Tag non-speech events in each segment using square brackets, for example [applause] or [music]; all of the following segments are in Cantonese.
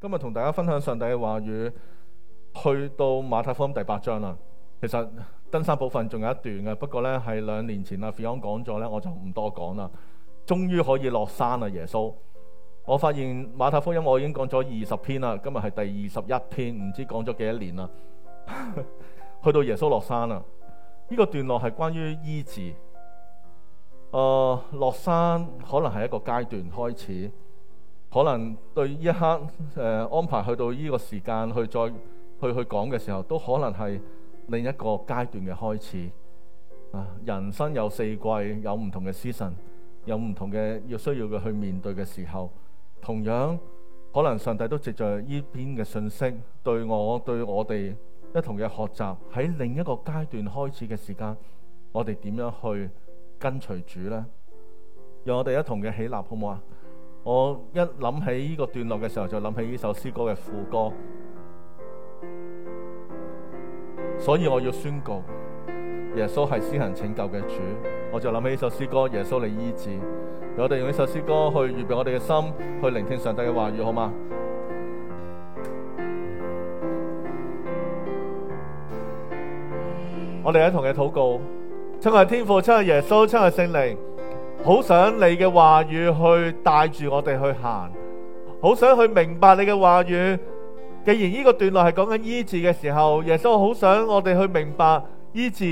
今日同大家分享上帝嘅話語，去到馬太福音第八章啦。其實登山部分仲有一段嘅，不過呢係兩年前阿 Phil 講咗呢，我就唔多講啦。終於可以落山啦，耶穌。我發現馬太福音我已經講咗二十篇啦，今日係第二十一篇，唔知講咗幾多年啦。 [laughs] 去到耶穌落山啦，呢、這個段落係關於醫治。誒、呃，落山可能係一個階段開始。可能對一刻誒、呃、安排去到呢個時間去再去去講嘅時候，都可能係另一個階段嘅開始。啊，人生有四季，有唔同嘅 season，有唔同嘅要需要嘅去面對嘅時候，同樣可能上帝都藉著呢邊嘅信息，對我對我哋一同嘅學習，喺另一個階段開始嘅時間，我哋點樣去跟隨主呢？讓我哋一同嘅起立，好唔好啊？我一諗起呢個段落嘅時候，就諗起呢首詩歌嘅副歌，所以我要宣告耶穌係施行拯救嘅主。我就諗起呢首詩歌，耶穌嚟醫治。我哋用呢首詩歌去預備我哋嘅心，去聆聽上帝嘅話語，好嘛？ [music] 我哋一同嚟禱告，親愛天父，親愛耶穌，親愛聖靈。好想你嘅話語去帶住我哋去行，好想去明白你嘅話語。既然呢個段落係講緊醫治嘅時候，耶穌好想我哋去明白醫治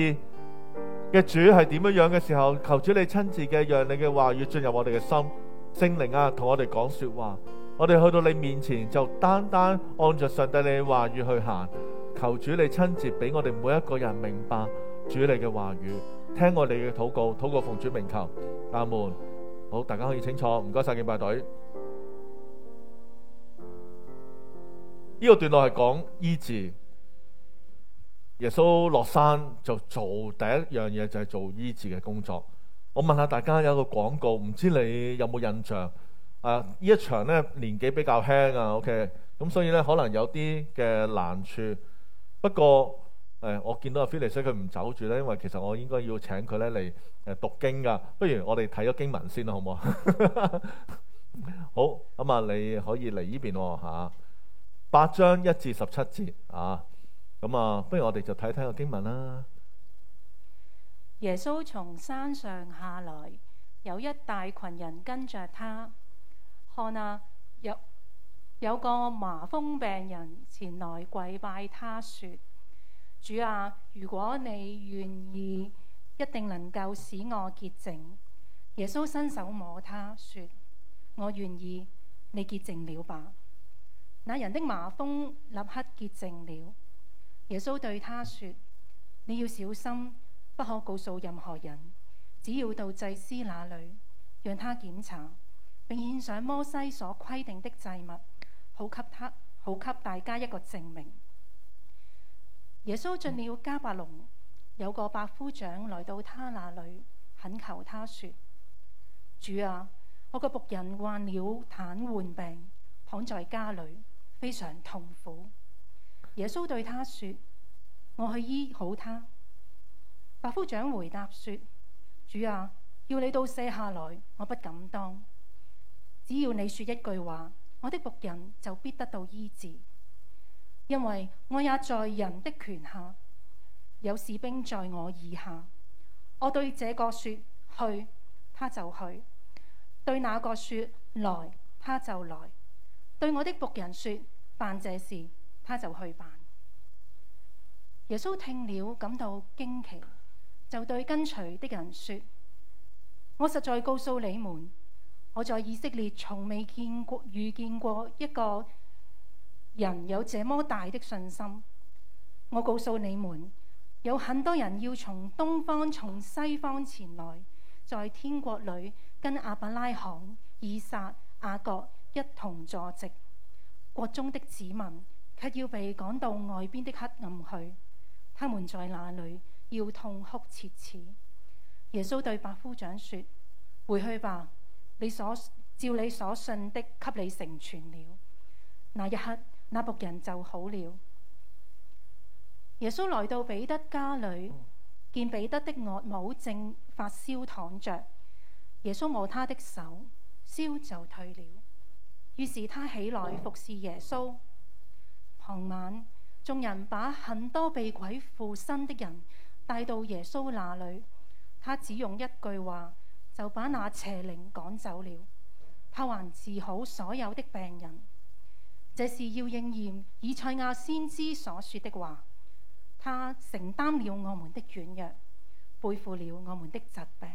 嘅主係點樣樣嘅時候，求主你親自嘅讓你嘅話語進入我哋嘅心，聖靈啊，同我哋講說話，我哋去到你面前就單單按着上帝你嘅話語去行。求主你親自俾我哋每一個人明白主你嘅話語，聽我哋嘅禱告，禱告奉主名求。阿們，好，大家可以清楚，唔該晒，敬拜隊。呢個段落係講醫治，耶穌落山就做第一樣嘢就係做醫治嘅工作。我問下大家有一個廣告，唔知你有冇印象？啊，呢一場呢年紀比較輕啊，OK，咁所以呢，可能有啲嘅難處，不過。誒、哎，我見到阿菲力西，佢唔走住咧，因為其實我應該要請佢咧嚟誒讀經噶。不如我哋睇咗經文先啦，好唔好？ [laughs] 好，咁啊，你可以嚟呢邊喎。八章一至十七節啊，咁啊，啊，不如我哋就睇睇個經文啦。耶穌從山上下來，有一大群人跟着他。看啊，有有個麻風病人前來跪拜他，說。主啊，如果你願意，一定能夠使我潔淨。耶穌伸手摸他說：我願意，你潔淨了吧。那人的麻風立刻潔淨了。耶穌對他說：你要小心，不可告訴任何人，只要到祭司那裏，讓他檢查，並獻上摩西所規定的祭物，好給他好給大家一個證明。耶穌進了迦百農，有個百夫長來到他那裏，懇求他說：主啊，我個僕人患了癱瘓瘓病，躺在家裏，非常痛苦。耶穌對他說：我去醫好他。百夫長回答說：主啊，要你到舍下來，我不敢當。只要你說一句話，我的僕人就必得到醫治。因為我也在人的權下，有士兵在我以下，我對這個說去，他就去；對那個說來，他就來；對我的僕人說辦這事，他就去辦。耶穌聽了感到驚奇，就對跟隨的人說：我實在告訴你們，我在以色列從未見過遇見過一個，人有這麼大的信心，我告訴你們，有很多人要從東方、從西方前來，在天國裏跟亞伯拉罕、以撒、雅各一同坐席。國中的子民卻要被趕到外邊的黑暗去，他們在那裏要痛哭切齒。耶穌對百夫長說：回去吧，你所照你所信的，給你成全了。那一刻。那僕人就好了。耶穌來到彼得家裏，嗯、見彼得的岳母正發燒躺着，耶穌摸他的手，燒就退了。於是他起來服侍耶穌。嗯、傍晚，眾人把很多被鬼附身的人帶到耶穌那裏，他只用一句話，就把那邪靈趕走了。他還治好所有的病人。這是要應驗以賽亞先知所說的話，他承擔了我們的軟弱，背負了我們的疾病。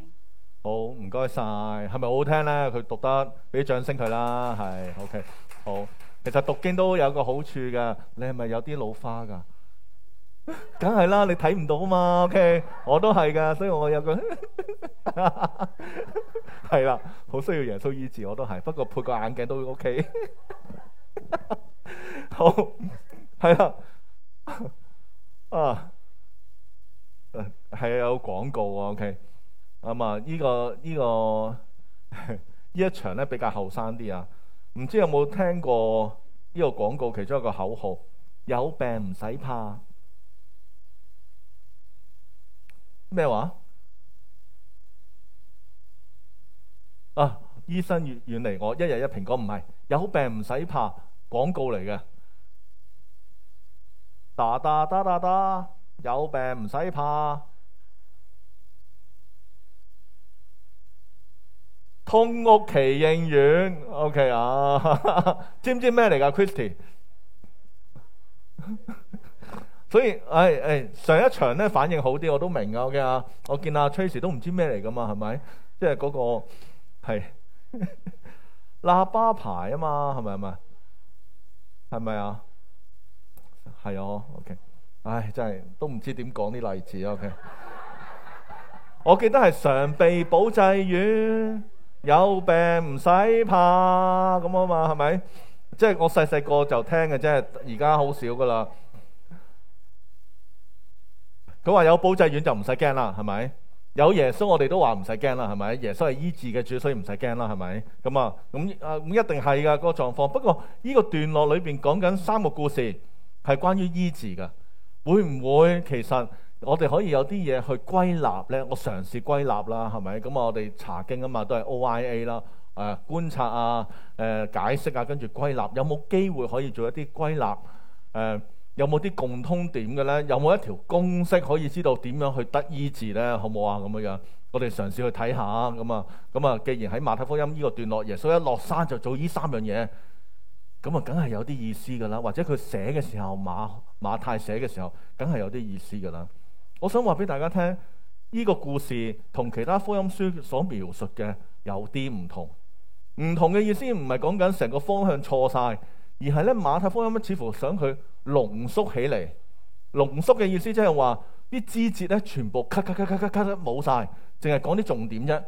好、哦，唔該晒，係咪好好聽咧？佢讀得，俾掌聲佢啦。係，OK。好，其實讀經都有個好處噶，你係咪有啲老花噶？梗係啦，你睇唔到嘛。OK，我都係噶，所以我有個，係 [laughs] 啦，好需要耶穌醫治，我都係，不過配個眼鏡都 OK。 [laughs] [laughs] 好，係啊，啊，係有廣告啊，OK，咁啊，呢個呢個呢一場咧比較後生啲啊，唔知有冇聽過呢個廣告其中一個口號：有病唔使怕咩話啊？醫生遠遠離我，一日一蘋果，唔係。有病唔使怕，廣告嚟嘅。嗒嗒嗒嗒嗒，有病唔使怕。通屋奇應院 OK 啊？哈哈，知唔知咩嚟噶，Christy？ [laughs] 所以，哎哎，上一場咧反應好啲，我都明啊。OK 啊，我見阿 Tracy 都唔知咩嚟噶嘛，係咪？即係嗰個係。 [laughs] 喇叭牌啊嘛，係咪？係咪？係咪啊？係哦，OK。唉，真係都唔知點講啲例子，OK。 [laughs] 我記得係常備保濟丸，有病唔使怕咁啊嘛，係咪？即係我細細個就聽嘅，即係而家好少噶啦。佢話有保濟丸就唔使驚啦，係咪？有耶穌，我哋都話唔使驚啦，係咪？耶穌係醫治嘅主，所以唔使驚啦，係咪？咁啊，咁啊，咁一定係㗎個狀況。不過呢個段落裏邊講緊三個故事，係關於醫治嘅。會唔會其實我哋可以有啲嘢去歸納咧？我嘗試歸納啦，係咪？咁啊，我哋查經啊嘛，都係 OIA 啦、呃，誒觀察啊，誒、呃、解釋啊，跟住歸納，有冇機會可以做一啲歸納？誒、呃。有冇啲共通點嘅呢？有冇一條公式可以知道點樣去得醫治呢？好冇啊？咁樣，我哋嘗試去睇下。咁啊，咁啊，既然喺馬太福音呢個段落，耶穌一落山就做呢三樣嘢，咁啊，梗係有啲意思噶啦。或者佢寫嘅時候，馬馬太寫嘅時候，梗係有啲意思噶啦。我想話俾大家聽，呢個故事同其他福音書所描述嘅有啲唔同。唔同嘅意思唔係講緊成個方向錯晒，而係呢馬太福音似乎想佢。濃縮起嚟，濃縮嘅意思即係話啲枝節咧，全部咔咔咔咳咳都冇晒，淨係講啲重點啫。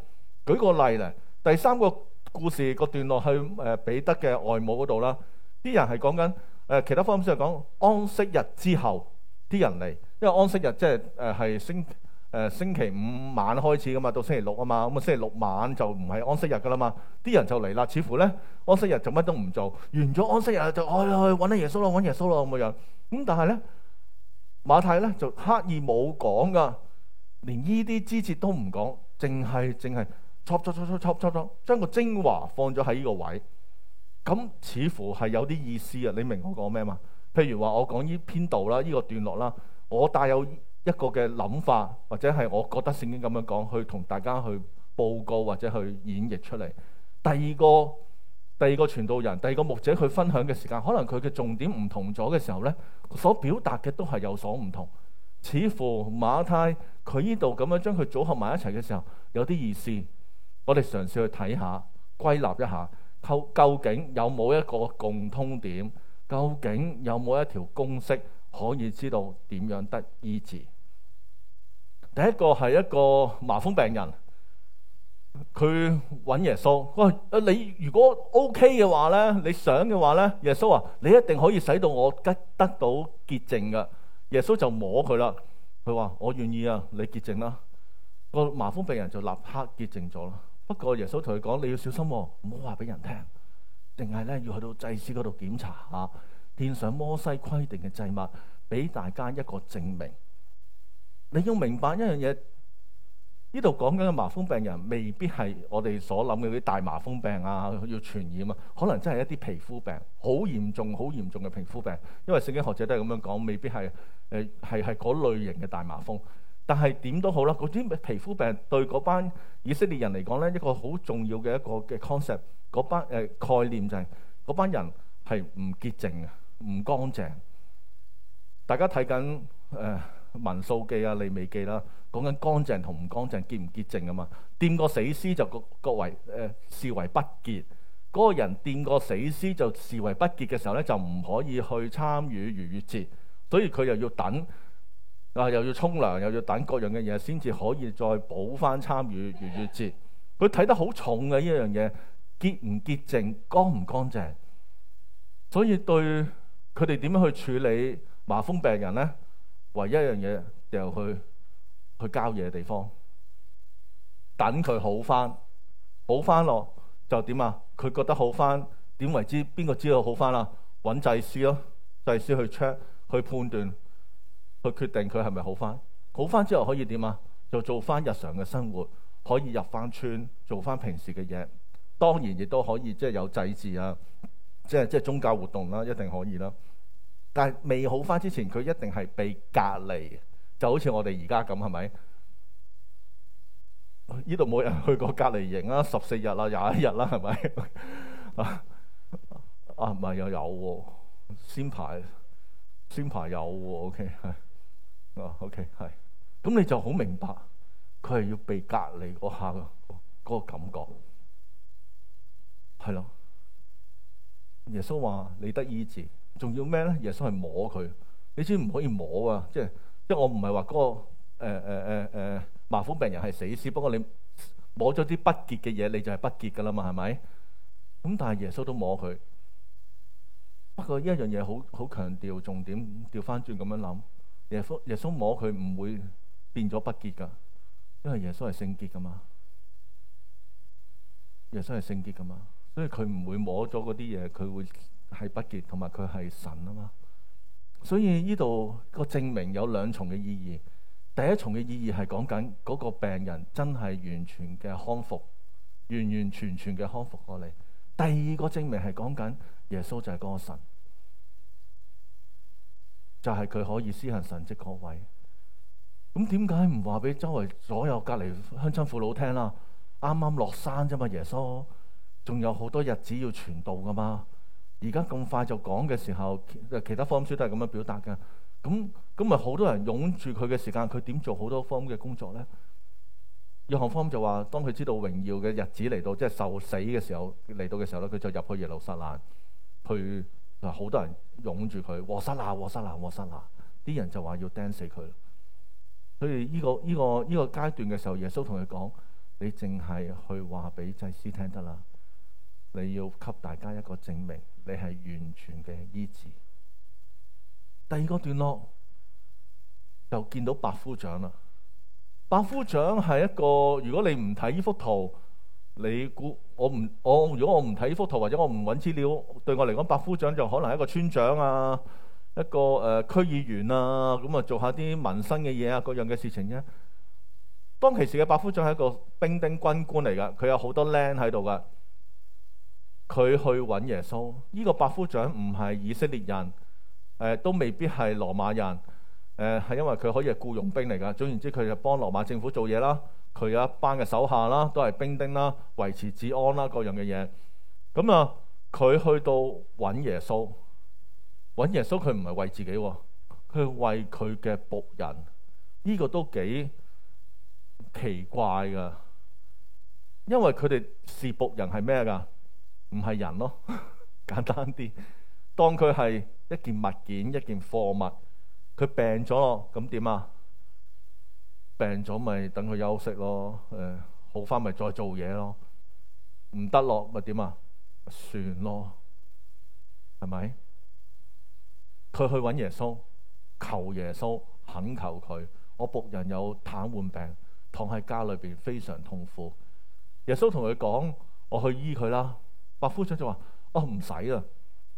舉個例啦，第三個故事個段落去誒彼得嘅外母嗰度啦，啲人係講緊誒其他方式係講安息日之後啲人嚟，因為安息日即係誒係星呃誒、呃、星期五晚開始噶嘛，到星期六啊嘛，咁、嗯、啊星期六晚就唔係安息日噶啦嘛，啲人就嚟啦，似乎咧安息日就乜都唔做，完咗安息日就去去搵阿耶穌咯，搵耶穌咯咁嘅樣。咁、嗯、但係咧馬太咧就刻意冇講噶，連呢啲支節都唔講，淨係淨係撮撮撮撮撮撮將個精華放咗喺呢個位。咁似乎係有啲意思啊！你明我講咩嘛？譬如話我講呢篇道啦，呢、這個段落啦，我帶有。一個嘅諗法，或者係我覺得聖經咁樣講，去同大家去報告或者去演繹出嚟。第二個第二個傳道人、第二個牧者佢分享嘅時間，可能佢嘅重點唔同咗嘅時候呢，所表達嘅都係有所唔同。似乎馬太佢呢度咁樣將佢組合埋一齊嘅時候，有啲意思。我哋嘗試去睇下、歸納一下，究竟有冇一個共通點？究竟有冇一條公式可以知道點樣得醫治？第一個係一個麻風病人，佢揾耶穌，哇！你如果 OK 嘅話咧，你想嘅話咧，耶穌啊，你一定可以使到我得得到潔淨噶。耶穌就摸佢啦，佢話我願意啊，你潔淨啦。這個麻風病人就立刻潔淨咗啦。不過耶穌同佢講，你要小心，啊，唔好話俾人聽，定係咧要去到祭司嗰度檢查吓，獻上摩西規定嘅祭物，俾大家一個證明。你要明白一樣嘢，呢度講緊嘅麻風病人未必係我哋所諗嘅啲大麻風病啊，要傳染啊，可能真係一啲皮膚病，好嚴重、好嚴重嘅皮膚病。因為聖經學者都係咁樣講，未必係誒係係嗰類型嘅大麻風。但係點都好啦，嗰啲皮膚病對嗰班以色列人嚟講咧，一個好重要嘅一個嘅 concept，嗰班誒概念就係嗰班人係唔潔淨嘅，唔乾淨。大家睇緊誒。呃文素記啊、利未記啦，講緊乾淨同唔乾淨、潔唔潔淨啊嘛。掂過死屍就各個為誒、呃、視為不潔，嗰、那個人掂過死屍就視為不潔嘅時候咧，就唔可以去參與逾越節，所以佢又要等啊、呃，又要沖涼，又要等各樣嘅嘢，先至可以再補翻參與逾越節。佢睇得好重嘅呢樣嘢，潔唔潔淨、乾唔乾淨，所以對佢哋點樣去處理麻風病人咧？唯一一樣嘢，掉去去郊野嘅地方，等佢好翻，好翻落，就點啊？佢覺得好翻，點為之？邊個知道好翻啦？揾祭司咯，祭司去 check，去判斷，去決定佢係咪好翻？好翻之後可以點啊？就做翻日常嘅生活，可以入翻村做翻平時嘅嘢，當然亦都可以即係有祭祀啊，即係即係宗教活動啦，一定可以啦。但係未好翻之前，佢一定係被隔離，就好似我哋而家咁，係咪？呢度冇人去過隔離營啦，十四日啦，廿一日啦，係咪？ [laughs] 啊唔係又有、哦、先排先排有喎、哦、OK 係啊 OK 係，咁你就好明白，佢係要被隔離嗰下咯，個感覺係咯。耶穌話：你得醫治。仲要咩咧？耶穌係摸佢，你先唔可以摸啊！即係，即係我唔係話嗰個誒誒誒誒麻瘋病人係死屍，不過你摸咗啲不潔嘅嘢，你就係不潔噶啦嘛，係咪？咁但係耶穌都摸佢。不過呢一樣嘢好好強調重點，調翻轉咁樣諗，耶穌耶穌摸佢唔會變咗不潔噶，因為耶穌係聖潔噶嘛。耶穌係聖潔噶嘛，所以佢唔會摸咗嗰啲嘢，佢會。係不潔，同埋佢係神啊嘛，所以呢度個證明有兩重嘅意義。第一重嘅意義係講緊嗰個病人真係完全嘅康復，完完全全嘅康復過嚟。第二個證明係講緊耶穌就係嗰個神，就係佢可以施行神蹟。各位，咁點解唔話俾周圍所有隔籬鄉親父老聽啦？啱啱落山啫嘛，耶穌仲有好多日子要傳道噶嘛。而家咁快就講嘅時候，其，其他方書都係咁樣表達嘅。咁咁咪好多人湧住佢嘅時間，佢點做好多方嘅工作咧？約翰方就話：當佢知道榮耀嘅日子嚟到，即係受死嘅時候嚟到嘅時候咧，佢就入去耶路撒冷，去啊好多人湧住佢，和散那、和散那、和散那，啲人就話要釘死佢。所以呢、這個呢、這個呢、這個階段嘅時候，耶穌同佢講：你淨係去話俾祭司聽得啦。你要給大家一個證明，你係完全嘅醫治。第二個段落就見到百夫長啦。百夫長係一個，如果你唔睇呢幅圖，你估我唔我，如果我唔睇呢幅圖或者我唔揾資料，對我嚟講，百夫長就可能係一個村長啊，一個誒、呃、區議員啊，咁啊做一下啲民生嘅嘢啊，各樣嘅事情啫、啊。當其時嘅百夫長係一個兵丁軍官嚟㗎，佢有好多 l 喺度㗎。佢去揾耶穌呢、這個百夫長唔係以色列人，誒、呃、都未必係羅馬人，誒、呃、係因為佢可以係僱傭兵嚟噶。總言之，佢就幫羅馬政府做嘢啦。佢有一班嘅手下啦，都係兵丁啦，維持治安啦，各樣嘅嘢。咁啊，佢去到揾耶穌，揾耶穌佢唔係為自己，佢為佢嘅僕人。呢、這個都幾奇怪噶，因為佢哋是僕人係咩噶？唔係人咯，簡單啲。當佢係一件物件，一件貨物，佢病咗咯，咁點啊？病咗咪等佢休息咯。誒、呃，好返咪再做嘢咯。唔得咯，咪點啊？算咯，係咪？佢去揾耶穌，求耶穌，懇求佢。我僕人有癱瘓病，躺喺家裏邊，非常痛苦。耶穌同佢講：我去醫佢啦。百夫長就話：哦，我唔使啦，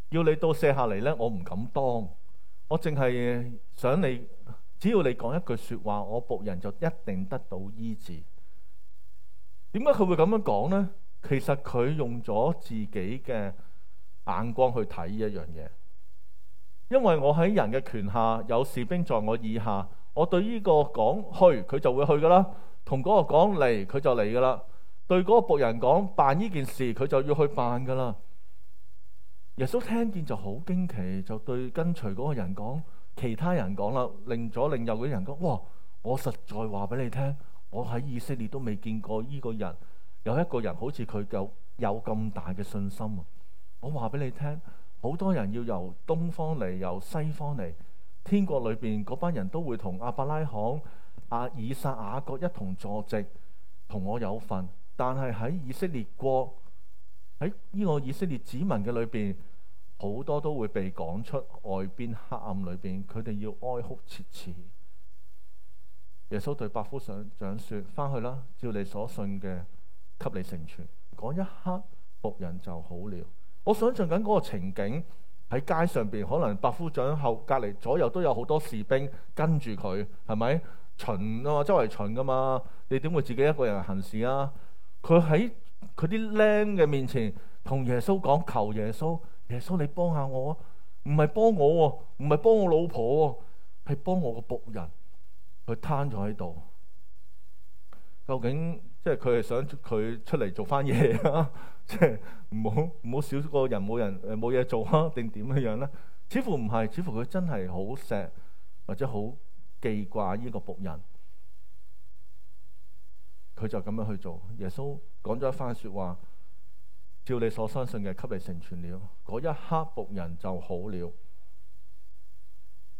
要你到卸下嚟呢。我唔敢當，我淨係想你，只要你講一句說話，我僕人就一定得到醫治。點解佢會咁樣講呢？其實佢用咗自己嘅眼光去睇呢一樣嘢，因為我喺人嘅權下，有士兵在我以下，我對呢個講去，佢就會去噶啦；同嗰個講嚟，佢就嚟噶啦。對嗰個僕人講，辦呢件事佢就要去辦噶啦。耶穌聽見就好驚奇，就對跟隨嗰個人講，其他人講啦，令左令右嘅人講：哇！我實在話俾你聽，我喺，以色列都未見過呢個人有一個人好似佢有有咁大嘅信心啊！我話俾你聽，好多人要由東方嚟，由西方嚟，天國裏面，嗰班人都會同亞伯拉罕、以撒、雅各一同坐席，同我有份。但係喺以色列國喺呢個以色列子民嘅裏邊，好多都會被趕出外邊黑暗裏邊，佢哋要哀哭切齒。耶穌對百夫長長說：翻去啦，照你所信嘅，給你成全。嗰一刻僕人就好了。我想象緊嗰個情景喺街上邊，可能百夫長後隔籬左右都有好多士兵跟住佢，係咪巡啊？周圍巡噶嘛？你點會自己一個人行事啊？佢喺佢啲靚嘅面前同耶穌講求耶穌，耶穌你幫下我，幫我啊！唔係幫我喎，唔係幫我老婆喎、啊，係幫我僕、啊 [laughs] 啊、個僕人。佢攤咗喺度，究竟即係佢係想佢出嚟做翻嘢啊？即係唔好唔好少個人冇人誒冇嘢做啊？定點樣樣咧？似乎唔係，似乎佢真係好錫或者好記掛呢個僕人。佢就咁樣去做。耶穌講咗一番說話，照你所相信嘅，給你成全了。嗰一刻僕人就好了。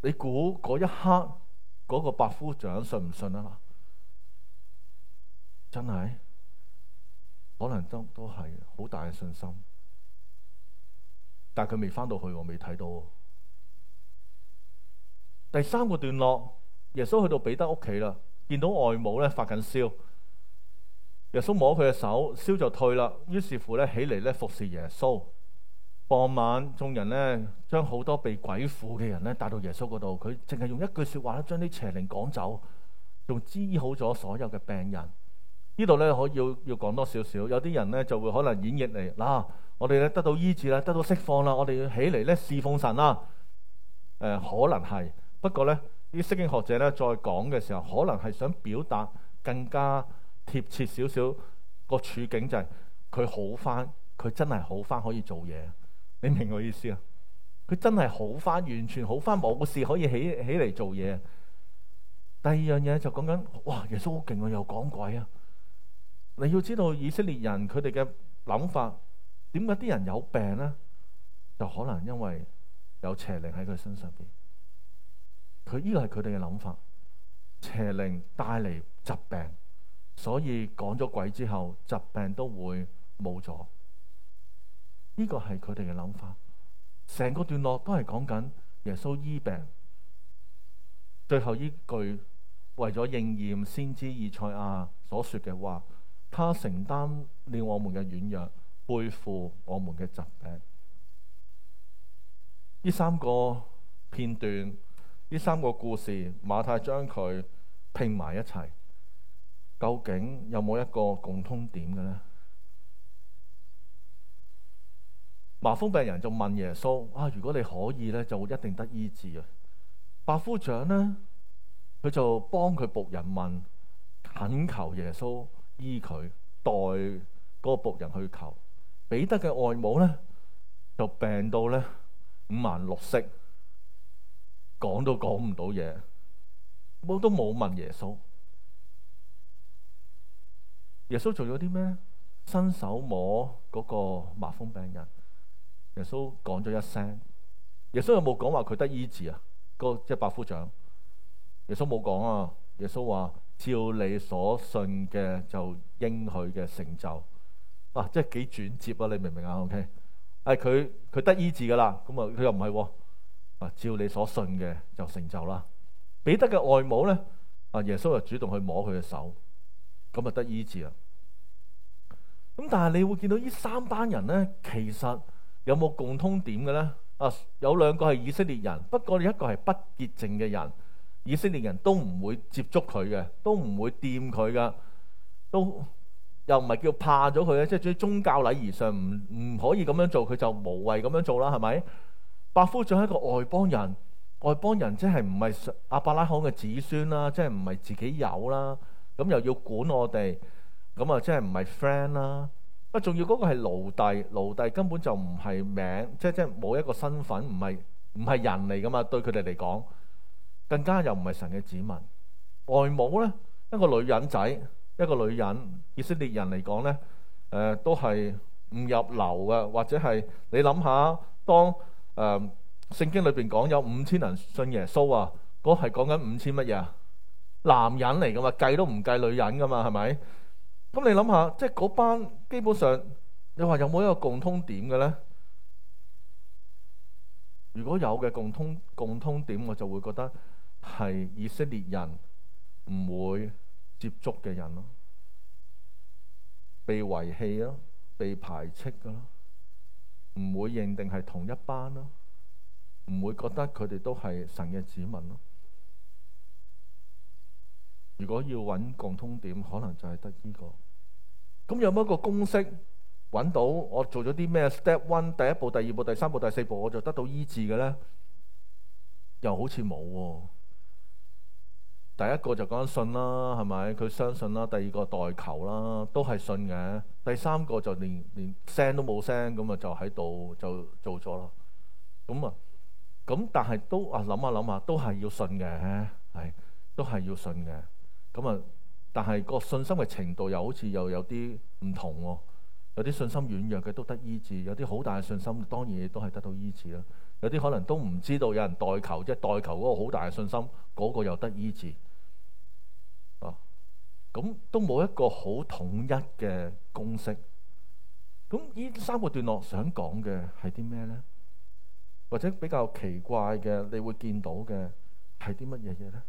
你估嗰一刻嗰、那個百夫長信唔信啊？真係可能都都係好大嘅信心，但係佢未翻到去，我未睇到。第三個段落，耶穌去到彼得屋企啦，見到外母咧發緊燒。耶穌摸佢嘅手，燒就退啦。於是乎咧，起嚟咧服侍耶穌。傍晚，眾人咧將好多被鬼附嘅人咧帶到耶穌嗰度，佢淨係用一句說話咧，將啲邪靈趕走，仲醫好咗所有嘅病人。呢度咧可以要要講多少少。有啲人咧就會可能演繹嚟嗱、啊，我哋咧得到醫治啦，得到釋放啦，我哋要起嚟咧侍奉神啦。誒、呃，可能係，不過咧啲聖經學者咧再講嘅時候，可能係想表達更加。貼切少少個處境就係佢好翻，佢真係好翻可以做嘢，你明我意思啊？佢真係好翻，完全好翻，冇事可以起起嚟做嘢。第二樣嘢就講緊，哇！耶穌好勁啊，又講鬼啊！你要知道以色列人佢哋嘅諗法，點解啲人有病呢？就可能因為有邪靈喺佢身上邊。佢依、這個係佢哋嘅諗法，邪靈帶嚟疾病。所以趕咗鬼之後，疾病都會冇咗。呢、這個係佢哋嘅諗法。成個段落都係講緊耶穌醫病。最後呢句為咗應驗先知以賽亞所說嘅話，他承擔了我們嘅軟弱，背負我們嘅疾病。呢三個片段，呢三個故事，馬太將佢拼埋一齊。究竟有冇一個共通點嘅咧？麻風病人就問耶穌：啊，如果你可以咧，就一定得醫治啊！百夫長呢，佢就幫佢僕人問，懇求耶穌醫佢，代嗰個僕人去求。彼得嘅外母咧，就病到咧五顏六色，講都講唔到嘢，都冇問耶穌。耶穌做咗啲咩？伸手摸嗰個麻風病人，耶穌講咗一聲。耶穌有冇講話佢得醫治啊？嗰個即係百夫長，耶穌冇講啊。耶穌話：照你所信嘅就應許嘅成就。哇、啊，即係幾轉接啊！你明唔明、okay? 啊？OK，係佢佢得醫治噶啦。咁啊，佢又唔係。啊，照你所信嘅就成就啦。彼得嘅外母咧，啊，耶穌又主動去摸佢嘅手。咁咪得醫治啊。咁但係你會見到呢三班人咧，其實有冇共通點嘅咧？啊，有兩個係以色列人，不過一個係不潔淨嘅人。以色列人都唔會接觸佢嘅，都唔會掂佢噶，都又唔係叫怕咗佢咧，即係喺宗教禮儀上唔唔可以咁樣做，佢就無謂咁樣做啦，係咪？百夫長係一個外邦人，外邦人即係唔係亞伯拉罕嘅子孫啦，即係唔係自己有啦。咁又要管我哋，咁啊即係唔係 friend 啦。啊，仲要嗰個係奴隸，奴隸根本就唔係名，即係即係冇一個身份，唔係唔係人嚟噶嘛？對佢哋嚟講，更加又唔係神嘅子民。外母咧，一個女人仔，一個女人，以色列人嚟講咧，誒、呃、都係唔入流嘅，或者係你諗下，當誒、呃、聖經裏邊講有五千人信耶穌啊，嗰係講緊五千乜嘢啊？男人嚟噶嘛，計都唔計女人噶嘛，係咪？咁你諗下，即係嗰班基本上，你話有冇一個共通點嘅咧？如果有嘅共通共通點，我就會覺得係以色列人唔會接觸嘅人咯，被遺棄咯，被排斥噶咯，唔會認定係同一班咯，唔會覺得佢哋都係神嘅子民咯。如果要揾共通點，可能就係得呢個。咁有冇一個公式揾到我做咗啲咩 Step one 第一步、第二步、第三步、第四步，我就得到醫治嘅咧？又好似冇啊。第一個就講信啦，係咪？佢相信啦。第二個代求啦，都係信嘅。第三個就連連聲都冇聲，咁啊就喺度就做咗啦。咁啊，咁但係都啊諗下諗下都係要信嘅，係都係要信嘅。咁啊，但係個信心嘅程度又好似又有啲唔同喎。哦，有啲信心軟弱嘅都得醫治，有啲好大嘅信心當然亦都係得到醫治啦。有啲可能都唔知道有人代求即啫，代求嗰個好大嘅信心，嗰、嗰個又得醫治。啊、哦，咁都冇一個好統一嘅公式。咁呢三個段落想講嘅係啲咩呢？或者比較奇怪嘅，你會見到嘅係啲乜嘢嘢呢？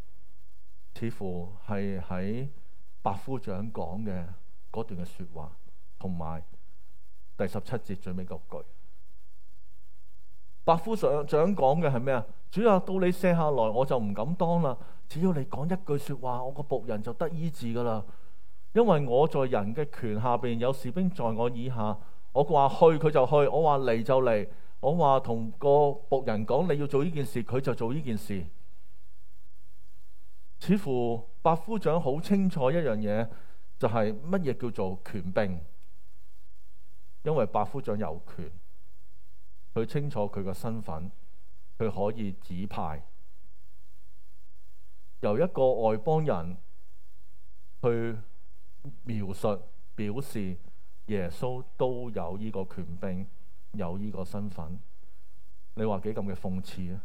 似乎係喺百夫長講嘅嗰段嘅説話，同埋第十七節最尾句。百夫長長講嘅係咩啊？主要，到你舍下來，我就唔敢當啦。只要你講一句説話，我個僕人就得醫治㗎啦。因為我在人嘅權下邊，有士兵在我以下。我話去佢就去，我話嚟就嚟，我話同個僕人講，你要做呢件事，佢就做呢件事。似乎百夫長好清楚一樣嘢，就係乜嘢叫做權柄，因為百夫長有權，佢清楚佢個身份，佢可以指派由一個外邦人去描述表示耶穌都有呢個權柄，有呢個身份，你話幾咁嘅諷刺啊！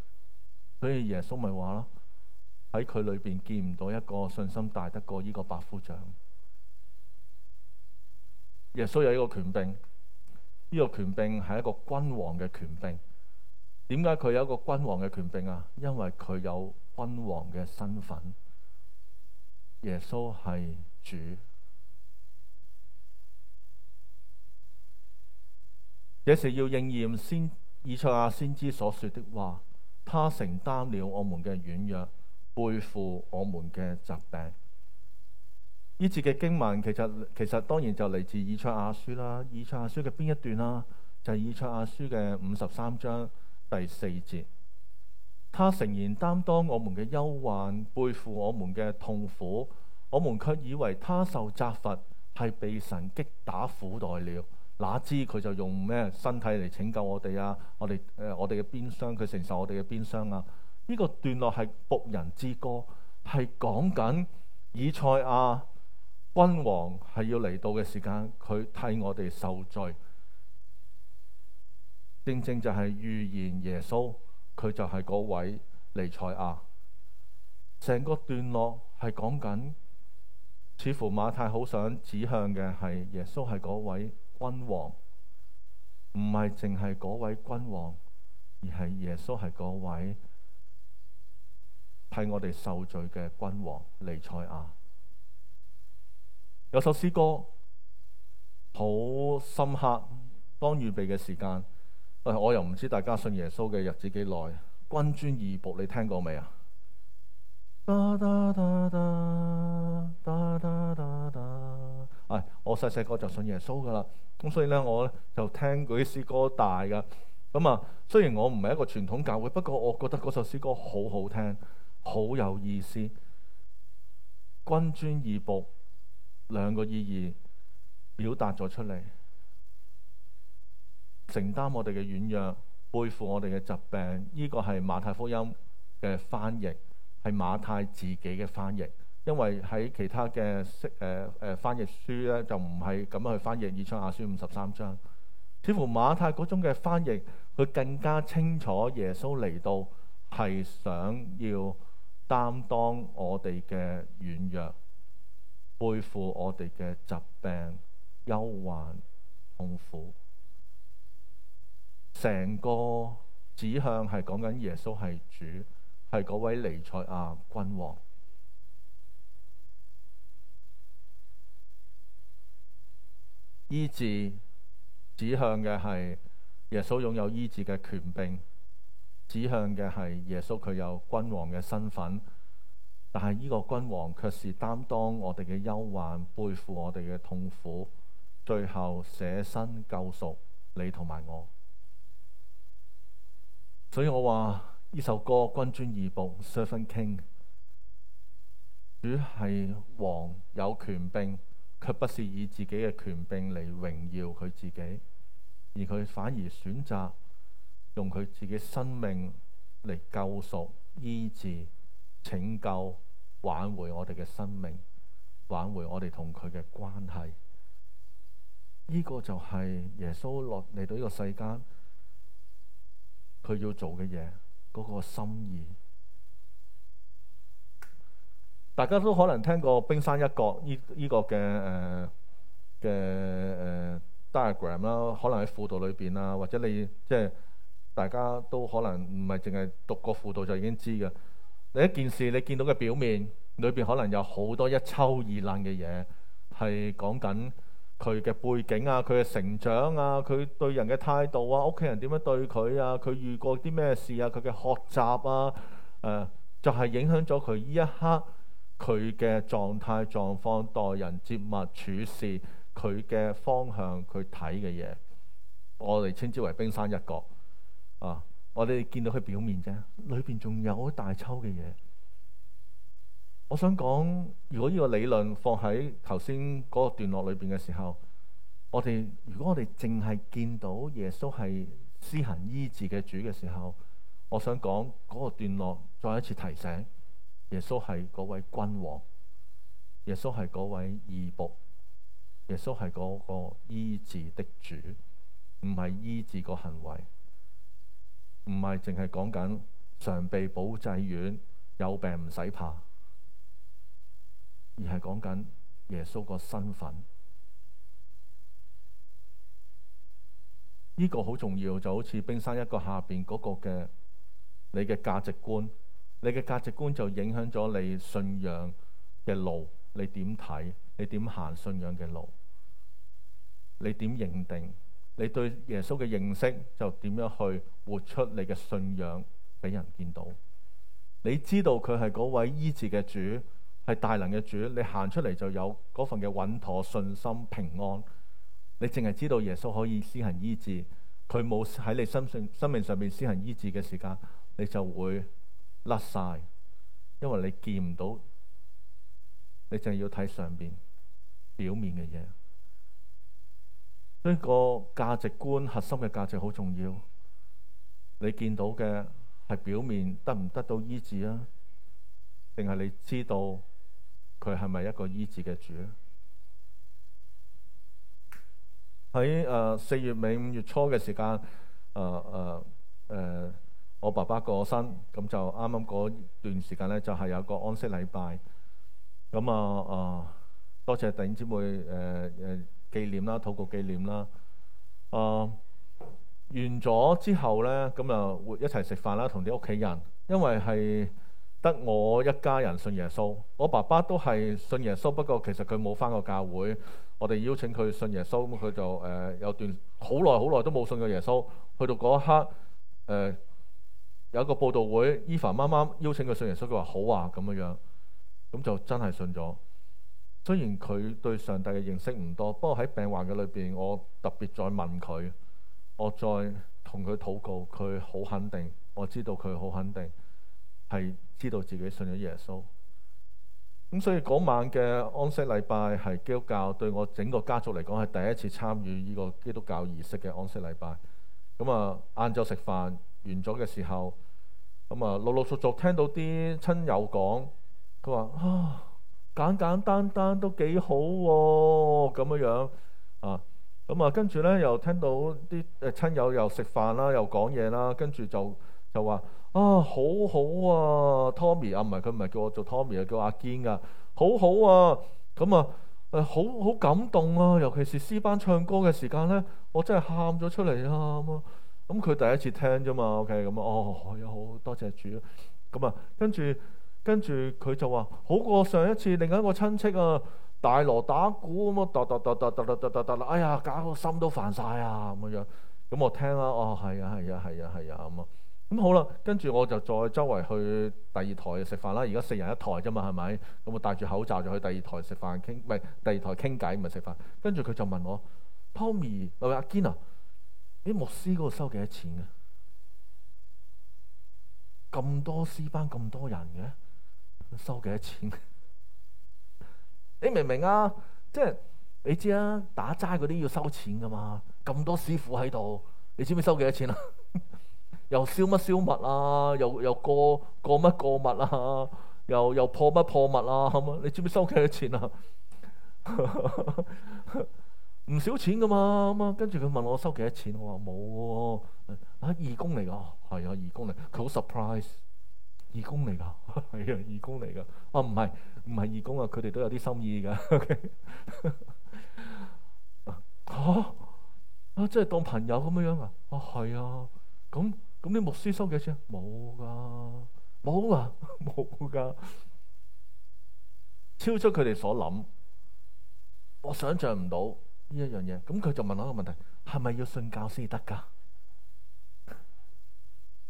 所以耶穌咪話咯。喺佢裏邊見唔到一個信心大得過呢個百夫長。耶穌有一個權柄，呢個權柄係一個君王嘅權柄。點解佢有一個君王嘅權柄啊？因為佢有君王嘅身份。耶穌係主，也是要應驗先以賽亞先知所說的話：他承擔了我們嘅軟弱。背負我們嘅疾病，呢節嘅經文其實其實當然就嚟自以賽亞書啦。以賽亞書嘅邊一段啦、啊，就係、是、以賽亞書嘅五十三章第四節。他誠然擔當我們嘅憂患，背負我們嘅痛苦，我們卻以為他受責罰，係被神擊打苦待了。哪知佢就用咩身體嚟拯救我哋啊？我哋誒、呃，我哋嘅鞭傷，佢承受我哋嘅鞭傷啊！呢個段落係僕人之歌，係講緊以賽亞君王係要嚟到嘅時間，佢替我哋受罪。正正就係預言耶穌，佢就係嗰位彌賽亞。成個段落係講緊，似乎馬太好想指向嘅係耶穌係嗰位君王，唔係淨係嗰位君王，而係耶穌係嗰位。係我哋受罪嘅君王尼賽亞。有首詩歌好深刻，當預備嘅時間，誒、哎，我又唔知大家信耶穌嘅日子幾耐？君尊義僕，你聽過未啊？噠噠噠噠噠噠噠噠。誒、哎，我細細個就信耶穌噶啦，咁所以咧，我咧就聽嗰啲詩歌大噶咁啊。雖然我唔係一個傳統教會，不過我覺得嗰首詩歌好好聽。好有意思，君尊義僕兩個意義表達咗出嚟，承擔我哋嘅軟弱，背負我哋嘅疾病，呢、這個係馬太福音嘅翻譯，係馬太自己嘅翻譯，因為喺其他嘅釋誒誒翻譯書咧，就唔係咁樣去翻譯。以賽亞書五十三章，似乎馬太嗰種嘅翻譯，佢更加清楚耶穌嚟到係想要。擔當我哋嘅軟弱，背負我哋嘅疾病、憂患、痛苦，成個指向係講緊耶穌係主，係嗰位彌賽亞君王。醫治指向嘅係耶穌擁有醫治嘅權柄。指向嘅係耶穌，佢有君王嘅身份，但係呢個君王卻是擔當我哋嘅憂患，背負我哋嘅痛苦，最後捨身救贖你同埋我。所以我話呢首歌君尊義薄，Servant King 主係王有權柄，卻不是以自己嘅權柄嚟榮耀佢自己，而佢反而選擇。用佢自己生命嚟救贖、醫治、拯救、挽回我哋嘅生命，挽回我哋同佢嘅關係。呢個就係耶穌落嚟到呢個世間，佢要做嘅嘢嗰個心意。大家都可能聽過冰山一角呢呢個嘅誒嘅誒 diagram 啦，可能喺輔導裏邊啊，或者你即係。大家都可能唔係淨係讀個輔導就已經知嘅。第一件事你見到嘅表面裏邊可能有好多一抽二攬嘅嘢，係講緊佢嘅背景啊，佢嘅成長啊，佢對人嘅態度啊，屋企人點樣對佢啊，佢遇過啲咩事啊，佢嘅學習啊，誒、呃、就係、是、影響咗佢呢一刻佢嘅狀態狀況待人接物、處事佢嘅方向、佢睇嘅嘢，我哋稱之為冰山一角。啊！我哋見到佢表面啫，裏邊仲有大抽嘅嘢。我想講，如果呢個理論放喺頭先嗰個段落裏邊嘅時候，我哋如果我哋淨係見到耶穌係施行醫治嘅主嘅時候，我想講嗰個段落再一次提醒：耶穌係嗰位君王，耶穌係嗰位義僕，耶穌係嗰個醫治的主，唔係醫治個行為。唔係淨係講緊常備保濟院，有病唔使怕，而係講緊耶穌個身份。呢、這個好重要，就好似冰山一角下面個下邊嗰個嘅你嘅價值觀，你嘅價值觀就影響咗你信仰嘅路，你點睇，你點行信仰嘅路，你點認定。你對耶穌嘅認識就點樣去活出你嘅信仰俾人見到？你知道佢係嗰位醫治嘅主，係大能嘅主，你行出嚟，就有嗰份嘅穩妥信心平安。你淨係知道耶穌可以施行醫治，佢冇喺你心上生命上面施行醫治嘅時間，你就會甩晒，因為你見唔到，你淨係要睇上邊表面嘅嘢。呢個價值觀核心嘅價值好重要。你見到嘅係表面得唔得到醫治啊？定係你知道佢係咪一個醫治嘅主啊？喺誒四月尾五月初嘅時間，誒誒誒，我爸爸過身，咁就啱啱嗰段時間咧，就係、是、有個安息禮拜。咁啊啊，多謝弟兄姊妹誒誒。呃呃紀念啦，禱告紀念啦。啊、呃，完咗之後咧，咁啊會一齊食飯啦，同啲屋企人。因為係得我一家人信耶穌，我爸爸都係信耶穌，不過其實佢冇返過教會。我哋邀請佢信耶穌，咁佢就誒、呃、有段好耐好耐都冇信過耶穌。去到嗰一刻，誒、呃、有一個布道會，伊凡媽媽邀請佢信耶穌，佢話好啊，咁樣樣，咁就真係信咗。雖然佢對上帝嘅認識唔多，不過喺病患嘅裏邊，我特別再問佢，我再同佢禱告，佢好肯定，我知道佢好肯定，係知道自己信咗耶穌。咁所以嗰晚嘅安息禮拜係基督教對我整個家族嚟講係第一次參與呢個基督教儀式嘅安息禮拜。咁啊，晏晝食飯完咗嘅時候，咁啊，陸陸續續聽到啲親友講，佢話啊。簡簡單單都幾好喎。哦，咁樣樣啊，咁、嗯、啊跟住咧又聽到啲誒親友又食飯啦，又講嘢啦，跟住就就話啊好好啊，Tommy 啊，唔係佢唔係叫我做 Tommy 啊，叫阿堅啊，好好啊，咁啊誒好好、啊啊啊嗯、感動啊，尤其是詩班唱歌嘅時間咧，我真係喊咗出嚟啊咁啊，咁、啊、佢、嗯啊、第一次聽啫嘛，OK 咁啊哦，有好多謝主，咁、嗯、啊跟住。跟住佢就話：好過上一次另一個親戚啊，大鑼打鼓咁啊，嗒嗒嗒嗒嗒嗒嗒嗒嗒，哎呀，搞到心都煩晒啊咁樣。咁我聽啦，哦，係啊，係啊，係啊，係啊咁啊。咁好啦，跟住我就再周圍去第二台食飯啦。而家四人一台啫嘛，係咪？咁我戴住口罩就去第二台食飯傾，唔係第二台傾偈，咪食飯。跟住佢就問我：Tommy，喂喂，阿堅啊，你牧師嗰度收幾多錢啊？咁多師班咁多人嘅？收幾多錢？ [laughs] 你明唔明啊？即係你知啊，打齋嗰啲要收錢噶嘛？咁多師傅喺度，你知唔知收幾多錢啊？ [laughs] 又燒乜燒物啊？又又過過乜過物啊？又又破乜破物啊？咁啊，你知唔知收幾多錢啊？唔 [laughs] 少錢噶嘛，咁啊？跟住佢問我收幾多錢，我話冇喎。啊，義工嚟噶，係啊，啊，義工嚟。佢好 surprise。義工嚟㗎，係啊，義工嚟㗎。哦，唔係，唔係義工啊，佢哋都有啲心意㗎。吓？啊，即係當朋友咁樣樣啊。哦，係啊。咁咁啲牧師收幾錢？冇㗎？冇啊，冇㗎。超出佢哋所諗，我想像唔到呢一樣嘢。咁佢就問我一個問題：係咪要信教先得㗎？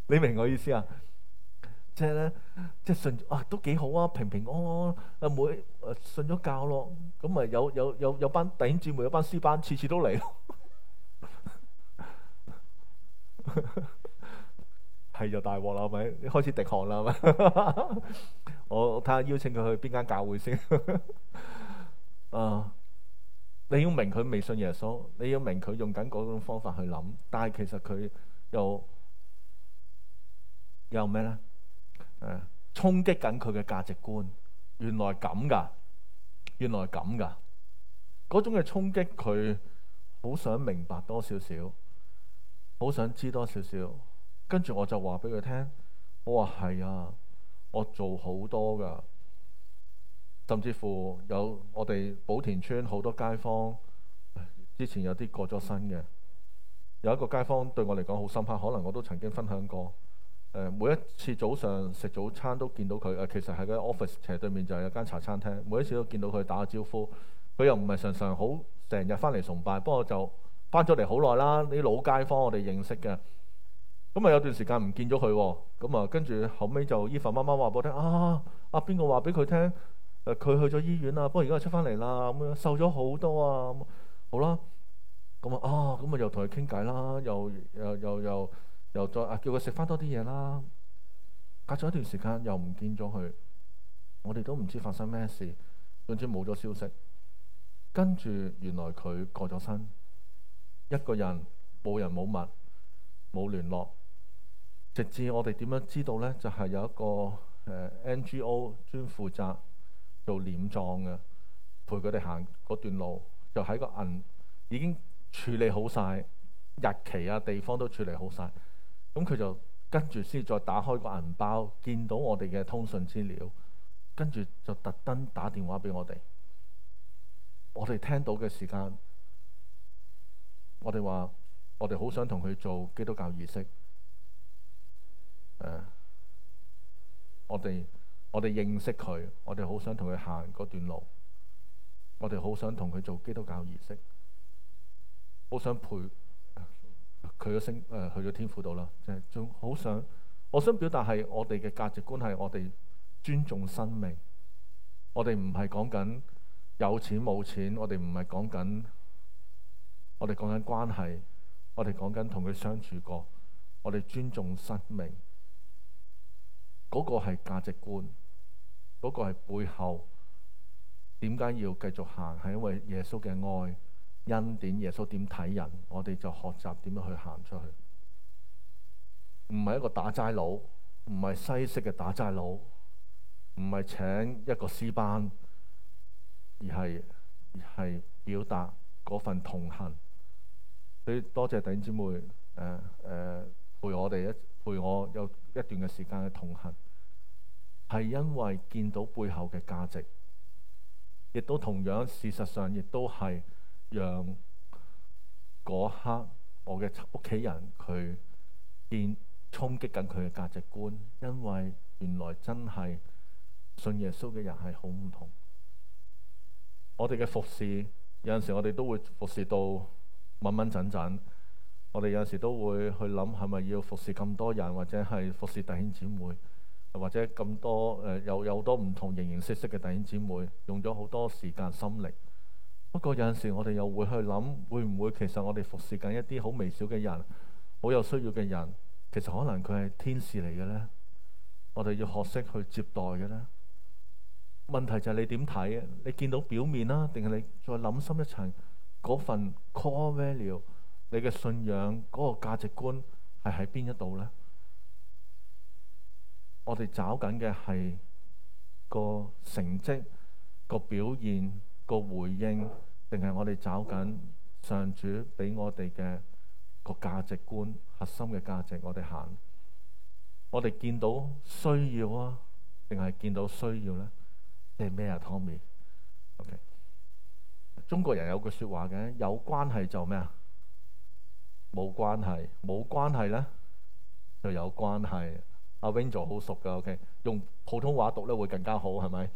你明我意思啊？ [laughs] [laughs] 即係咧，即係信啊，都幾好啊，平平安安。阿妹誒信咗教咯，咁咪有有有有班弟兄姊妹，有班師班，次次都嚟咯。係就大鑊啦，係咪開始滴汗啦？係咪我睇下邀請佢去邊間教會先。啊，你要明佢未信耶穌，你要明佢用緊嗰種方法去諗，但係其實佢又又咩咧？誒，衝擊緊佢嘅價值觀，原來咁噶，原來咁噶，嗰種嘅衝擊佢好想明白多少少，好想知多少少，跟住我就話俾佢聽，我話係啊，我做好多噶，甚至乎有我哋寶田村好多街坊，之前有啲過咗身嘅，有一個街坊對我嚟講好深刻，可能我都曾經分享過。誒每一次早上食早餐都見到佢，誒其實喺間 office 斜對面就係一間茶餐廳，每一次都見到佢打招呼。佢又唔係常常好成日翻嚟崇拜，不過就翻咗嚟好耐啦。呢啲老街坊我哋認識嘅，咁啊有段時間唔見咗佢，咁啊跟住後尾就伊凡媽媽話俾我聽啊，啊邊個話俾佢聽？誒、啊、佢去咗醫院啦，不過而家出翻嚟啦，咁樣瘦咗好多啊，好啦，咁啊啊，咁啊又同佢傾偈啦，又又又又。又又又又再啊！叫佢食翻多啲嘢啦。隔咗一段時間，又唔見咗佢，我哋都唔知發生咩事，總之冇咗消息。跟住原來佢過咗身，一個人冇人冇物冇聯絡，直至我哋點樣知道咧，就係、是、有一個誒、呃、NGO 專負責做殮葬嘅，陪佢哋行嗰段路，就喺個銀已經處理好晒日期啊、地方都處理好晒。咁佢就跟住先再打開個銀包，見到我哋嘅通訊資料，跟住就特登打電話俾我哋。我哋聽到嘅時間，我哋話我哋好想同佢做基督教儀式。誒、uh，我哋我哋認識佢，我哋好想同佢行嗰段路，我哋好想同佢做基督教儀式，好想陪。佢嘅星誒去咗天父度啦，就係好想，我想表達係我哋嘅價值觀係我哋尊重生命，我哋唔係講緊有錢冇錢，我哋唔係講緊，我哋講緊關係，我哋講緊同佢相處過，我哋尊重生命，嗰個係價值觀，嗰個係背後，點解要繼續行？係因為耶穌嘅愛。恩典耶穌點睇人，我哋就學習點樣去行出去。唔係一個打齋佬，唔係西式嘅打齋佬，唔係請一個師班，而係係表達嗰份同行。所以多謝弟兄姊妹，誒、呃、誒、呃、陪我哋一陪我有一段嘅時間嘅同行，係因為見到背後嘅價值，亦都同樣事實上亦都係。讓嗰刻我嘅屋企人佢見衝擊緊佢嘅價值觀，因為原來真係信耶穌嘅人係好唔同。我哋嘅服侍有陣時我哋都會服侍到穩穩陣陣，我哋有陣時都會去諗，係咪要服侍咁多人，或者係服侍弟兄姊妹，或者咁多誒、呃、有有好多唔同形形色色嘅弟兄姊妹，用咗好多時間心力。不過有陣時，我哋又會去諗，會唔會其實我哋服侍緊一啲好微小嘅人，好有需要嘅人，其實可能佢係天使嚟嘅咧？我哋要學識去接待嘅咧。問題就係你點睇？你見到表面啦、啊，定係你再諗深一層嗰份 core value？你嘅信仰嗰、嗰個價值觀係喺邊一度咧？我哋找緊嘅係個成績、個表現。個回應定係我哋找緊上主俾我哋嘅個價值觀核心嘅價值，我哋行，我哋見到需要啊，定係見到需要咧？即係咩啊，Tommy？OK，、okay. 中國人有句説話嘅，有關係就咩啊？冇關係，冇關係咧就有關係。阿 Wing 好熟㗎，OK，用普通話讀咧會更加好，係咪？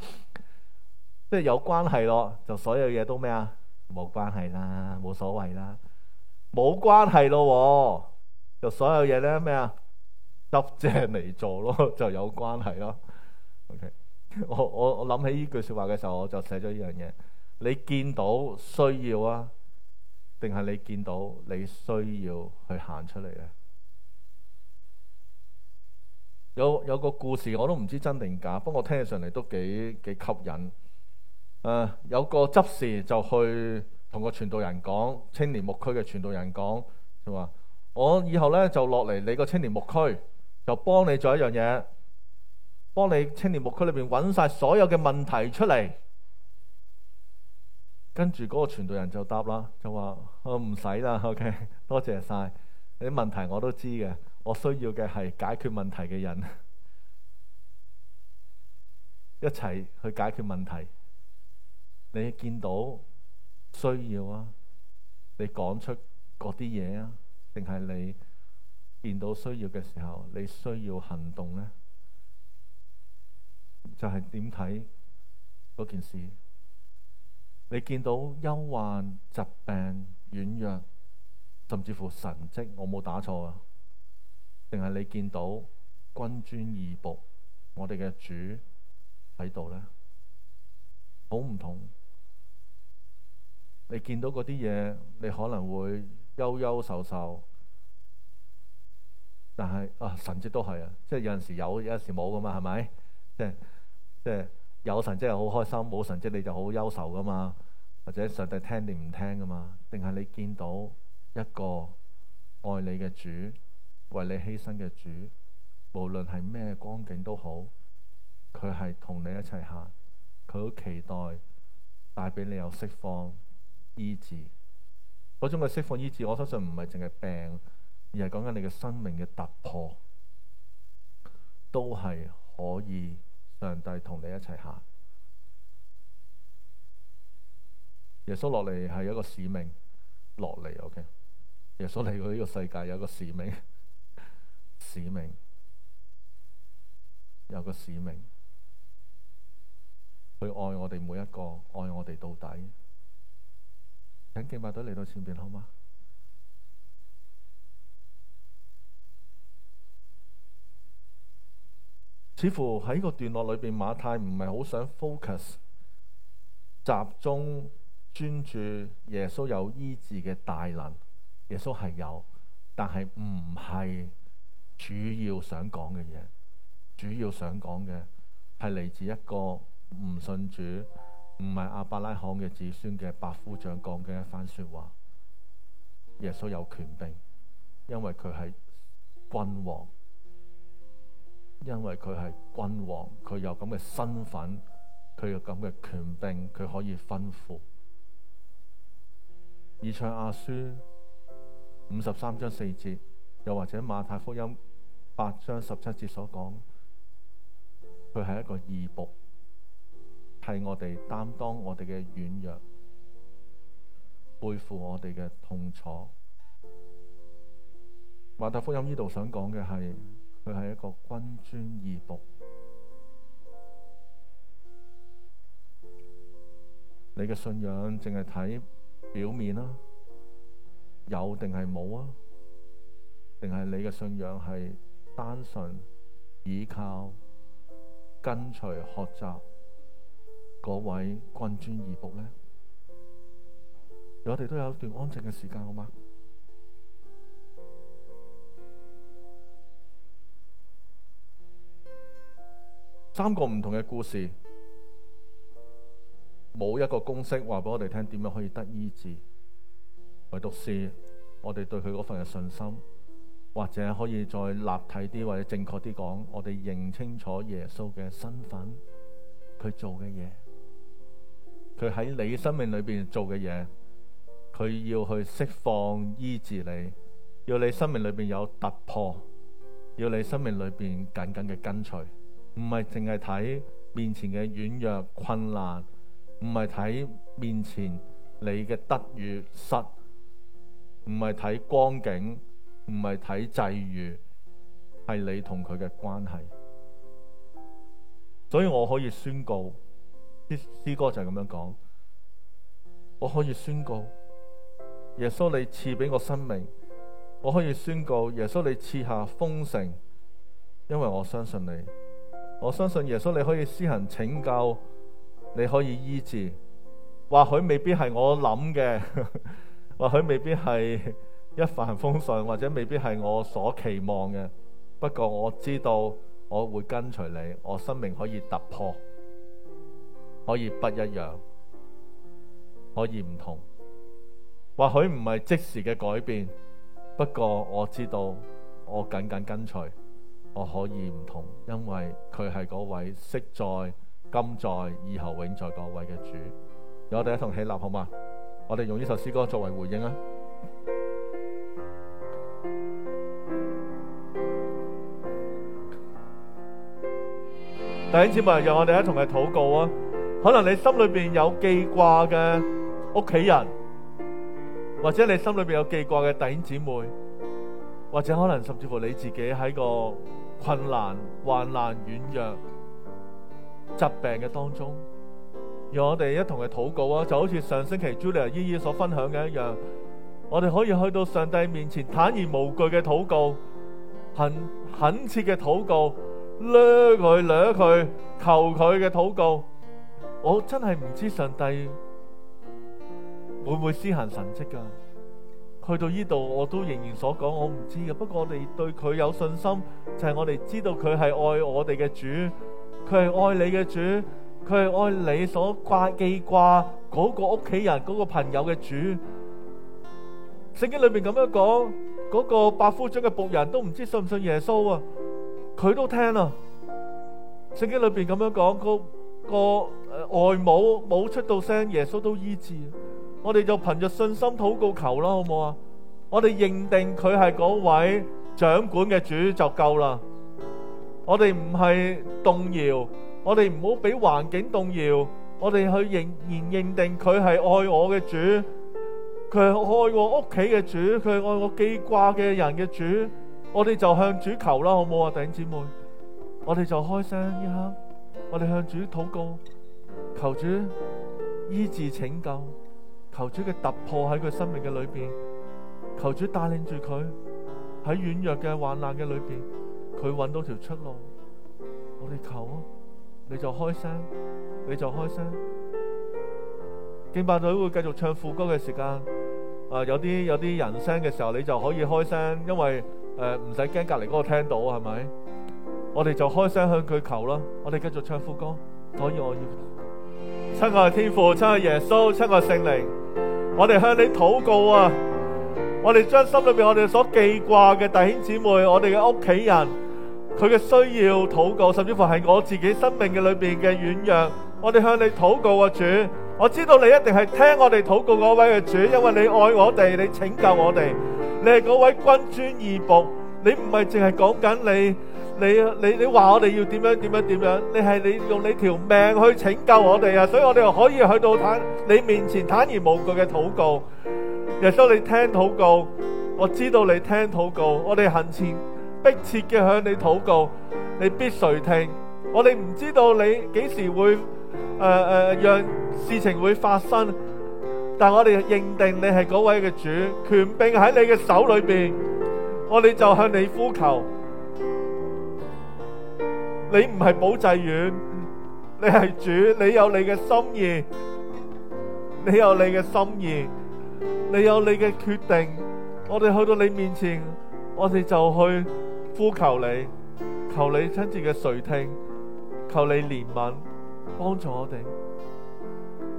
即係有關係咯，就所有嘢都咩啊？冇關係啦，冇所謂啦，冇關係咯，就所有嘢咧咩啊？得借嚟做咯，就有關係咯。Okay，我我我諗起呢句說話嘅時候，我就寫咗呢樣嘢。你見到需要啊，定係你見到你需要去行出嚟咧？有有個故事我都唔知真定假，不過聽起上嚟都幾幾吸引。誒，uh, 有個執事就去同個傳道人講，青年牧區嘅傳道人講，就話我以後咧就落嚟你個青年牧區，就幫你做一樣嘢，幫你青年牧區裏邊揾晒所有嘅問題出嚟。跟住嗰個傳道人就答啦，就話我唔使啦，OK，多謝晒，你啲問題我都知嘅，我需要嘅係解決問題嘅人，一齊去解決問題。你見到需要啊？你講出嗰啲嘢啊？定係你見到需要嘅時候，你需要行動呢？就係點睇嗰件事？你見到憂患、疾病、軟弱，甚至乎神蹟，我冇打錯啊？定係你見到君尊義暴，我哋嘅主喺度呢？好唔同？你見到嗰啲嘢，你可能會憂憂愁愁，但係啊，神跡都係啊，即係有陣時有，有陣時冇噶嘛，係咪？即係即係有神跡係好開心，冇神跡你就好憂愁噶嘛。或者上帝聽定唔聽噶嘛？定係你見到一個愛你嘅主，為你犧牲嘅主，無論係咩光景都好，佢係同你一齊行，佢好期待帶俾你有釋放。醫治嗰種嘅釋放醫治，我相信唔係淨係病，而係講緊你嘅生命嘅突破，都係可以上帝同你一齊行。耶穌落嚟係一個使命落嚟，OK？耶穌嚟到呢個世界有一個使命， [laughs] 使命有個使命，去愛我哋每一個，愛我哋到底。請敬拜隊嚟到前邊，好嗎？似乎喺個段落裏邊，馬太唔係好想 focus 集中專注耶穌有醫治嘅大能。耶穌係有，但係唔係主要想講嘅嘢。主要想講嘅係嚟自一個唔信主，唔係亞伯拉罕嘅子孫嘅百夫長講嘅一番說話。耶穌有權柄，因為佢係君王，因為佢係君王，佢有咁嘅身份，佢有咁嘅權柄，佢可以吩咐。以賽亞書五十三章四節，又或者馬太福音八章十七節所講，佢係一個義僕。係我哋擔當我哋嘅軟弱，背負我哋嘅痛楚。馬太福音呢度想講嘅係佢係一個君尊義僕。你嘅信仰淨係睇表面啦，啊，有定係冇啊？定係你嘅信仰係單純倚靠跟隨學習？嗰位君尊義僕咧，我哋都有一段安靜嘅時間，好嗎？三個唔同嘅故事，冇一個公式話俾我哋聽點樣可以得醫治，唯獨是我哋對佢嗰份嘅信心，或者可以再立體啲，或者正確啲講，我哋認清楚耶穌嘅身份，佢做嘅嘢。佢喺你生命裏邊做嘅嘢，佢要去釋放醫治你，要你生命裏邊有突破，要你生命裏邊緊緊嘅跟隨，唔係淨係睇面前嘅軟弱困難，唔係睇面前你嘅得與失，唔係睇光景，唔係睇際遇，係你同佢嘅關係。所以我可以宣告。啲詩歌就係咁樣講，我可以宣告耶穌，你賜俾我生命，我可以宣告耶穌，你賜下豐盛，因為我相信你，我相信耶穌，你可以施行拯救，你可以醫治，或許未必係我諗嘅，或 [laughs] 許未必係一帆風順，或者未必係我所期望嘅，不過我知道我會跟隨你，我生命可以突破。可以不一樣，可以唔同，或許唔係即時嘅改變，不過我知道，我緊緊跟隨，我可以唔同，因為佢係嗰位昔在、今在、以後永在嗰位嘅主。有我哋一同起立，好嘛？我哋用呢首詩歌作為回應啊！第一節目，讓我哋一同去禱告啊！可能你心裏邊有記掛嘅屋企人，或者你心裏邊有記掛嘅弟兄姊妹，或者可能甚至乎你自己喺個困難、患難、軟弱、疾病嘅當中，讓我哋一同去禱告啊！就好似上星期 Julia 姨姨所分享嘅一樣，我哋可以去到上帝面前坦然無懼嘅禱告，懇懇切嘅禱告，掠佢掠佢求佢嘅禱告。我真係唔知上帝會唔會施行神蹟噶，去到呢度我都仍然所講，我唔知嘅。不過我哋對佢有信心，就係我哋知道佢係愛我哋嘅主，佢係愛你嘅主，佢係愛你所掛記掛嗰個屋企人、嗰個朋友嘅主。聖經裏邊咁樣講，嗰個百夫長嘅僕人都唔知信唔信耶穌啊，佢都聽啊。聖經裏邊咁樣講，嗰個。外母冇出到聲，耶穌都醫治，我哋就憑着信心禱告求啦，好冇啊？我哋認定佢係嗰位掌管嘅主就夠啦。我哋唔係動搖，我哋唔好俾環境動搖，我哋去認認認定佢係愛我嘅主，佢係愛我屋企嘅主，佢係愛我記掛嘅人嘅主。我哋就向主求啦，好冇啊？頂姊妹，我哋就開聲一下，我哋向主禱告。求主醫治拯救，求主嘅突破喺佢生命嘅裏邊，求主帶領住佢喺軟弱嘅患難嘅裏邊，佢揾到條出路。我哋求啊，你就開聲，你就開聲。敬拜隊會繼續唱副歌嘅時間，啊、呃、有啲有啲人聲嘅時候，你就可以開聲，因為誒唔使驚隔籬嗰個聽到係咪？我哋就開聲向佢求啦。我哋繼續唱副歌，所以我要。親愛的天父、親愛的耶穌、親愛的聖靈，我哋向你禱告啊！我哋將心裏邊我哋所記掛嘅弟兄姊妹、我哋嘅屋企人，佢嘅需要禱告，甚至乎喺我自己生命嘅裏邊嘅軟弱，我哋向你禱告啊！主，我知道你一定係聽我哋禱告嗰位嘅主，因為你愛我哋，你拯救我哋，你係嗰位君尊義僕，你唔係淨係講緊你。你你你話我哋要點樣點樣點樣？你係你用你條命去拯救我哋啊！所以我哋又可以去到坦你面前坦然無懼嘅禱告。耶穌，你聽禱告，我知道你聽禱告。我哋行前逼切嘅向你禱告，你必須聽。我哋唔知道你幾時會誒誒讓事情會發生，但我哋認定你係嗰位嘅主，權柄喺你嘅手裏邊，我哋就向你呼求。你唔係保濟丸，你係主，你有你嘅心意，你有你嘅心意，你有你嘅決定。我哋去到你面前，我哋就去呼求你，求你親切嘅垂聽，求你憐憫幫助我哋。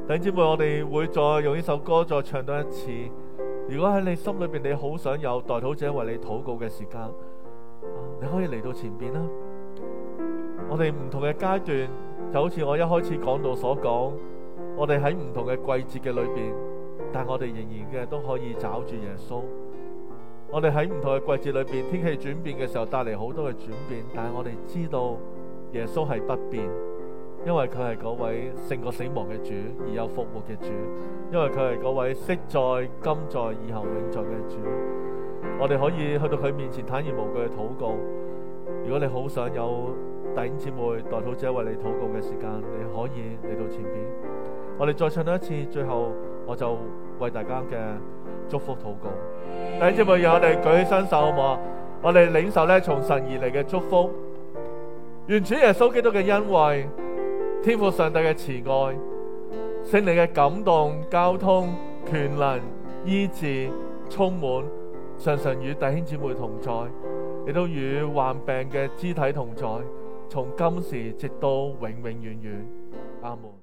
弟兄姊妹，我哋會再用呢首歌再唱多一次。如果喺你心裏邊你好想有代禱者為你禱告嘅時間，你可以嚟到前邊啦。我哋唔同嘅階段，就好似我一開始講到所講，我哋喺唔同嘅季節嘅裏邊，但我哋仍然嘅都可以找住耶穌。我哋喺唔同嘅季節裏邊，天氣轉變嘅時候帶嚟好多嘅轉變，但係我哋知道耶穌係不變，因為佢係嗰位勝過死亡嘅主，而有復活嘅主，因為佢係嗰位昔在、今在、以後永在嘅主。我哋可以去到佢面前坦然無懼嘅禱告。如果你好想有，弟兄姊妹，代禱者為你禱告嘅時間，你可以嚟到前邊。我哋再唱多一次，最後我就為大家嘅祝福禱告。弟兄姊妹，讓我哋舉起雙手，好唔好啊？我哋領受呢從神而嚟嘅祝福，願主耶穌基督嘅恩惠，天父上帝嘅慈愛，聖靈嘅感動、交通、權能、醫治，充滿，常常與弟兄姊妹同在，亦都與患病嘅肢體同在。從今時直到永永遠遠，阿門。